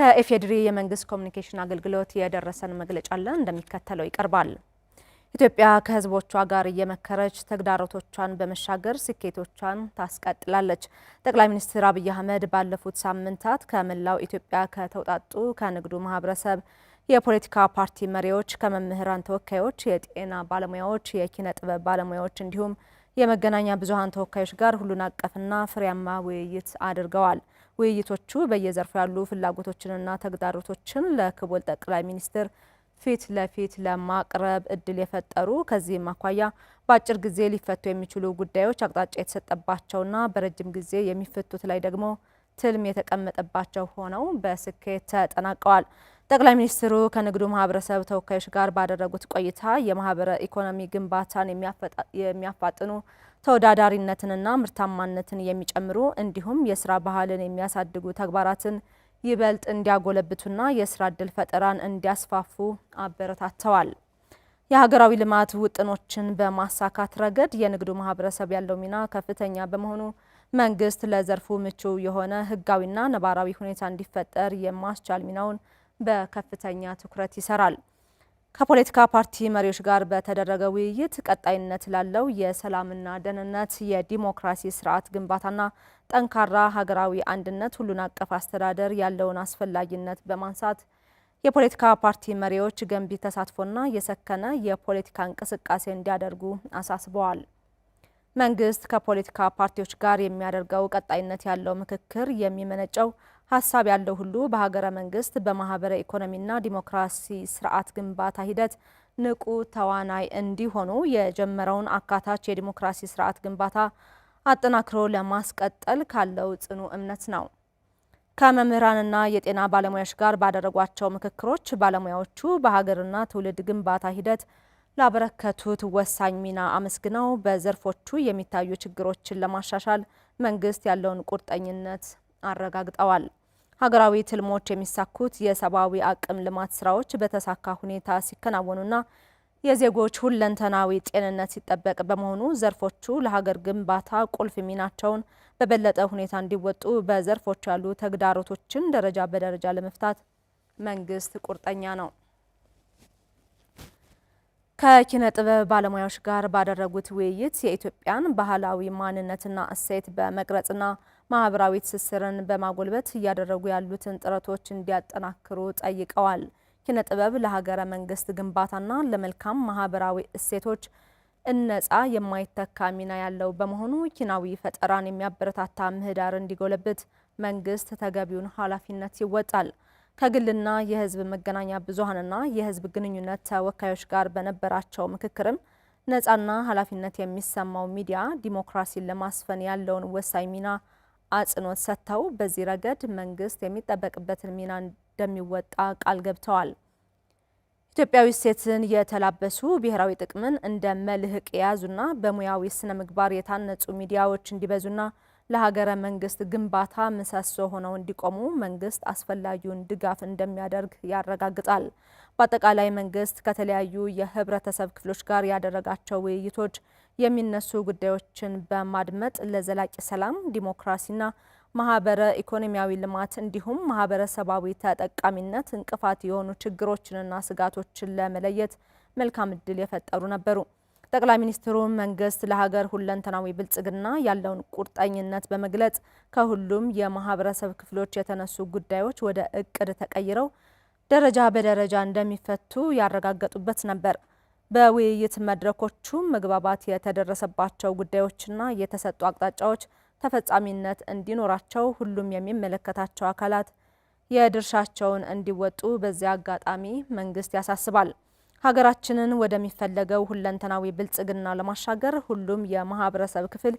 ከኢፌዴሪ የመንግስት ኮሚኒኬሽን አገልግሎት የደረሰን መግለጫ አለ፣ እንደሚከተለው ይቀርባል። ኢትዮጵያ ከህዝቦቿ ጋር እየመከረች ተግዳሮቶቿን በመሻገር ስኬቶቿን ታስቀጥላለች። ጠቅላይ ሚኒስትር አብይ አህመድ ባለፉት ሳምንታት ከመላው ኢትዮጵያ ከተውጣጡ ከንግዱ ማህበረሰብ፣ የፖለቲካ ፓርቲ መሪዎች፣ ከመምህራን ተወካዮች፣ የጤና ባለሙያዎች፣ የኪነ ጥበብ ባለሙያዎች እንዲሁም የመገናኛ ብዙሃን ተወካዮች ጋር ሁሉን አቀፍና ፍሬያማ ውይይት አድርገዋል። ውይይቶቹ በየዘርፉ ያሉ ፍላጎቶችንና ተግዳሮቶችን ለክቡል ጠቅላይ ሚኒስትር ፊት ለፊት ለማቅረብ እድል የፈጠሩ ከዚህም አኳያ በአጭር ጊዜ ሊፈቱ የሚችሉ ጉዳዮች አቅጣጫ የተሰጠባቸውና በረጅም ጊዜ የሚፈቱት ላይ ደግሞ ትልም የተቀመጠባቸው ሆነው በስኬት ተጠናቀዋል። ጠቅላይ ሚኒስትሩ ከንግዱ ማህበረሰብ ተወካዮች ጋር ባደረጉት ቆይታ የማህበረ ኢኮኖሚ ግንባታን የሚያፋጥኑ ተወዳዳሪነትንና ምርታማነትን የሚጨምሩ እንዲሁም የስራ ባህልን የሚያሳድጉ ተግባራትን ይበልጥ እንዲያጎለብቱና የስራ እድል ፈጠራን እንዲያስፋፉ አበረታተዋል። የሀገራዊ ልማት ውጥኖችን በማሳካት ረገድ የንግዱ ማህበረሰብ ያለው ሚና ከፍተኛ በመሆኑ መንግስት ለዘርፉ ምቹ የሆነ ህጋዊና ነባራዊ ሁኔታ እንዲፈጠር የማስቻል ሚናውን በከፍተኛ ትኩረት ይሰራል። ከፖለቲካ ፓርቲ መሪዎች ጋር በተደረገ ውይይት ቀጣይነት ላለው የሰላምና ደህንነት፣ የዲሞክራሲ ስርዓት ግንባታና ጠንካራ ሀገራዊ አንድነት ሁሉን አቀፍ አስተዳደር ያለውን አስፈላጊነት በማንሳት የፖለቲካ ፓርቲ መሪዎች ገንቢ ተሳትፎና የሰከነ የፖለቲካ እንቅስቃሴ እንዲያደርጉ አሳስበዋል። መንግስት ከፖለቲካ ፓርቲዎች ጋር የሚያደርገው ቀጣይነት ያለው ምክክር የሚመነጨው ሀሳብ ያለው ሁሉ በሀገረ መንግስት በማህበረ ኢኮኖሚና ዲሞክራሲ ስርዓት ግንባታ ሂደት ንቁ ተዋናይ እንዲሆኑ የጀመረውን አካታች የዲሞክራሲ ስርዓት ግንባታ አጠናክሮ ለማስቀጠል ካለው ጽኑ እምነት ነው። ከመምህራንና የጤና ባለሙያዎች ጋር ባደረጓቸው ምክክሮች ባለሙያዎቹ በሀገርና ትውልድ ግንባታ ሂደት ላበረከቱት ወሳኝ ሚና አመስግነው በዘርፎቹ የሚታዩ ችግሮችን ለማሻሻል መንግስት ያለውን ቁርጠኝነት አረጋግጠዋል። ሀገራዊ ትልሞች የሚሳኩት የሰብአዊ አቅም ልማት ስራዎች በተሳካ ሁኔታ ሲከናወኑና የዜጎች ሁለንተናዊ ጤንነት ሲጠበቅ በመሆኑ ዘርፎቹ ለሀገር ግንባታ ቁልፍ ሚናቸውን በበለጠ ሁኔታ እንዲወጡ በዘርፎች ያሉ ተግዳሮቶችን ደረጃ በደረጃ ለመፍታት መንግስት ቁርጠኛ ነው። ከኪነ ጥበብ ባለሙያዎች ጋር ባደረጉት ውይይት የኢትዮጵያን ባህላዊ ማንነትና እሴት በመቅረጽና ማህበራዊ ትስስርን በማጎልበት እያደረጉ ያሉትን ጥረቶች እንዲያጠናክሩ ጠይቀዋል። ኪነ ጥበብ ለሀገረ መንግስት ግንባታና ለመልካም ማህበራዊ እሴቶች እነጻ የማይተካ ሚና ያለው በመሆኑ ኪናዊ ፈጠራን የሚያበረታታ ምህዳር እንዲጎለብት መንግስት ተገቢውን ኃላፊነት ይወጣል። ከግልና የህዝብ መገናኛ ብዙሃንና የህዝብ ግንኙነት ተወካዮች ጋር በነበራቸው ምክክርም ነፃና ኃላፊነት የሚሰማው ሚዲያ ዲሞክራሲን ለማስፈን ያለውን ወሳኝ ሚና አጽንኦት ሰጥተው በዚህ ረገድ መንግስት የሚጠበቅበትን ሚና እንደሚወጣ ቃል ገብተዋል። ኢትዮጵያዊ ሴትን የተላበሱ ብሔራዊ ጥቅምን እንደ መልህቅ የያዙና በሙያዊ ስነ ምግባር የታነጹ ሚዲያዎች እንዲበዙና ለሀገረ መንግስት ግንባታ ምሰሶ ሆነው እንዲቆሙ መንግስት አስፈላጊውን ድጋፍ እንደሚያደርግ ያረጋግጣል። በአጠቃላይ መንግስት ከተለያዩ የህብረተሰብ ክፍሎች ጋር ያደረጋቸው ውይይቶች የሚነሱ ጉዳዮችን በማድመጥ ለዘላቂ ሰላም ዲሞክራሲና ማህበረ ኢኮኖሚያዊ ልማት እንዲሁም ማህበረሰባዊ ተጠቃሚነት እንቅፋት የሆኑ ችግሮችንና ስጋቶችን ለመለየት መልካም እድል የፈጠሩ ነበሩ። ጠቅላይ ሚኒስትሩ መንግስት ለሀገር ሁለንተናዊ ብልጽግና ያለውን ቁርጠኝነት በመግለጽ ከሁሉም የማህበረሰብ ክፍሎች የተነሱ ጉዳዮች ወደ እቅድ ተቀይረው ደረጃ በደረጃ እንደሚፈቱ ያረጋገጡበት ነበር። በውይይት መድረኮቹ መግባባት የተደረሰባቸው ጉዳዮችና የተሰጡ አቅጣጫዎች ተፈጻሚነት እንዲኖራቸው ሁሉም የሚመለከታቸው አካላት የድርሻቸውን እንዲወጡ በዚያ አጋጣሚ መንግስት ያሳስባል። ሀገራችንን ወደሚፈለገው ሁለንተናዊ ብልጽግና ለማሻገር ሁሉም የማህበረሰብ ክፍል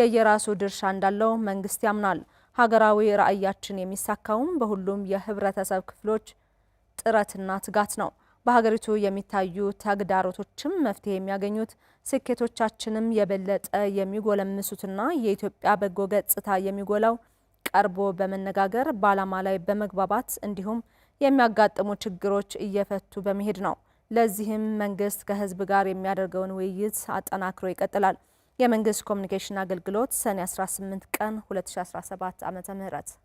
የየራሱ ድርሻ እንዳለው መንግስት ያምናል። ሀገራዊ ራዕያችን የሚሳካውም በሁሉም የህብረተሰብ ክፍሎች ጥረትና ትጋት ነው። በሀገሪቱ የሚታዩ ተግዳሮቶችም መፍትሄ የሚያገኙት ስኬቶቻችንም የበለጠ የሚጎለምሱትና የኢትዮጵያ በጎ ገጽታ የሚጎላው ቀርቦ በመነጋገር በዓላማ ላይ በመግባባት እንዲሁም የሚያጋጥሙ ችግሮች እየፈቱ በመሄድ ነው። ለዚህም መንግስት ከህዝብ ጋር የሚያደርገውን ውይይት አጠናክሮ ይቀጥላል። የመንግስት ኮሚኒኬሽን አገልግሎት ሰኔ 18 ቀን 2017 ዓ.ም